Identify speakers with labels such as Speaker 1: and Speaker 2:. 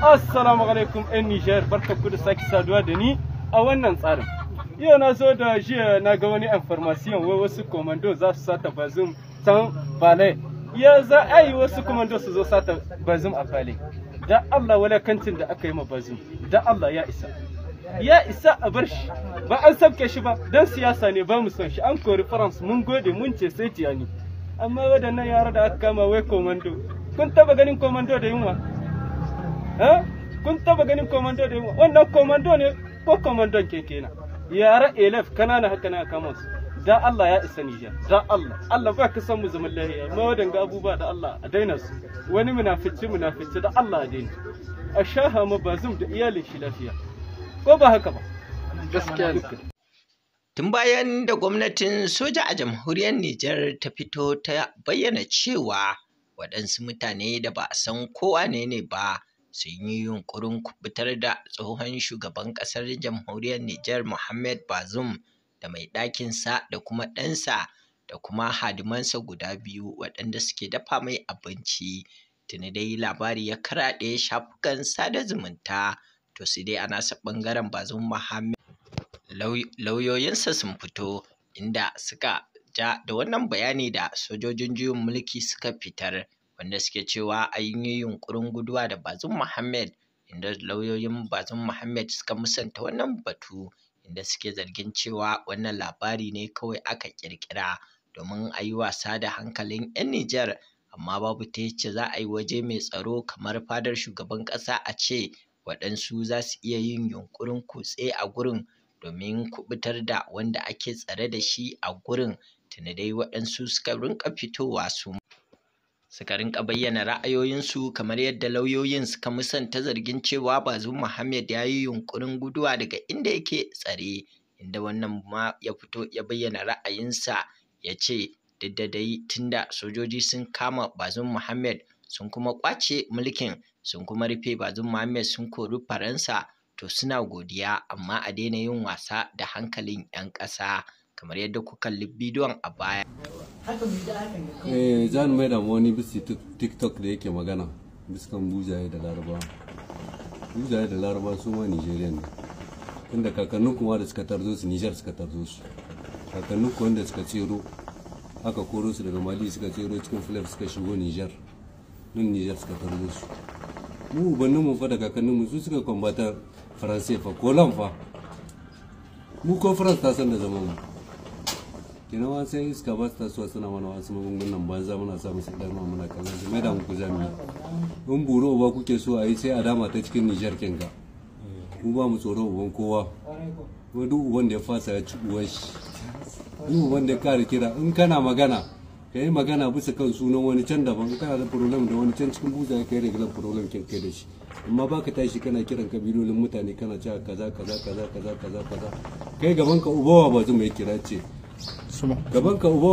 Speaker 1: Assalamu alaikum 'yan Nijar, barkanku da sake saduwa da ni a wannan tsarin. Yau na zo da jiya na ga wani information wai wasu komando za su sata bazum tan bale. Ya za a yi wasu komando su zo sata bazum a bale. Da Allah kantin da aka yi ma bazum, da Allah ya isa. Ya isa a bar shi, ba an sabke shi ba, Dan siyasa ne ba mu son shi, an kori France mun gode mun ce sai tiyani. Amma waɗannan yara da aka kama wai komando, kun taba ganin komando da yunwa? Eh? kun taba ganin komando da yunwa wannan komando ne ko komandon kekena? na yara elef kanana haka na kama su da Allah ya isa Nijar da Allah Allah ba ka san mu zaman lahiya ga abubuwa da Allah a daina su wani munafici munafici da Allah a daina
Speaker 2: a shaha ba zum da iyalin shi lafiya ko ba haka ba gaskiya Tun bayan da gwamnatin soja a jamhuriyar Nijar ta fito ta bayyana cewa waɗansu mutane da ba a san kowa ne ne ba sun yi yunƙurin kubutar da tsohon shugaban ƙasar jamhuriyar Nijar Mohamed Bazoum da mai ɗakinsa da kuma ɗansa da kuma hadimansa guda biyu waɗanda suke dafa mai abinci. Tuni dai labari ya karaɗe shafukan sada zumunta to sai dai a nasa ɓangaren Bazoum Mohamed lauyoyinsa sun fito inda suka ja da wannan bayani da sojojin juyin mulki suka fitar. wanda suke cewa an yi yunƙurin guduwa da Bazum Muhammad inda lauyoyin Bazum Muhammad suka musanta wannan batu inda suke zargin cewa wannan labari ne kawai aka ƙirƙira domin a yi wasa da hankalin 'yan Nijar amma babu ta yacce za a yi waje mai tsaro kamar fadar shugaban ƙasa a ce waɗansu za su iya yin yunƙurin kutse a gurin domin kuɓutar da wanda ake tsare da shi a gurin tuni dai waɗansu suka rinƙa fitowa su suka rinka bayyana ra'ayoyinsu kamar yadda lauyoyin suka musanta zargin cewa bazum muhammad ya yi yunkurin guduwa daga inda yake tsare inda wannan ma ya fito ya bayyana ra'ayinsa ya ce duk da dai tunda sojoji sun kama bazum muhammad sun kuma kwace mulkin sun kuma rufe bazum muhammad sun kori faransa to suna godiya amma a daina yin wasa da hankalin 'yan ƙasa kamar yadda ku kalli bidiyon a baya eh zan mai da eh, wani bisi tiktok da yake magana biskan bujaye da laraba
Speaker 3: Bujaye da laraba su ma nigerian ne inda kakannin kuma da suka tarzo su nijar suka tarzo su kakannin kuma da suka tsero aka koro su daga mali suka tsero cikin filar suka shigo nijar Nun nijar suka tarzo su mu ubannin mu fa da kakannin mu su suka kwambata faransai fa kolan fa mu ko faransa ta san da zaman mu wa sai iska ba ta so suna mana wasu ba za muna sa su idanuwa muna kallon su mai da muku zami in buru ba kuke so a yi sai a dama ta cikin nijar ga mu ba mu tsoro uban kowa ko duk uban da ya fasa ya ci uwan shi duk uban da ya kare kira in kana magana ka yi magana bisa kan sunan wani can daban in kana da problem da wani can cikin buza ka yi regular problem kin kai da shi amma ba ka tashi kana kiran kabilolin mutane kana cewa kaza kaza kaza kaza kaza kaza kai gaban ka ubawa ba zuma ya kira ce 根本搞不不。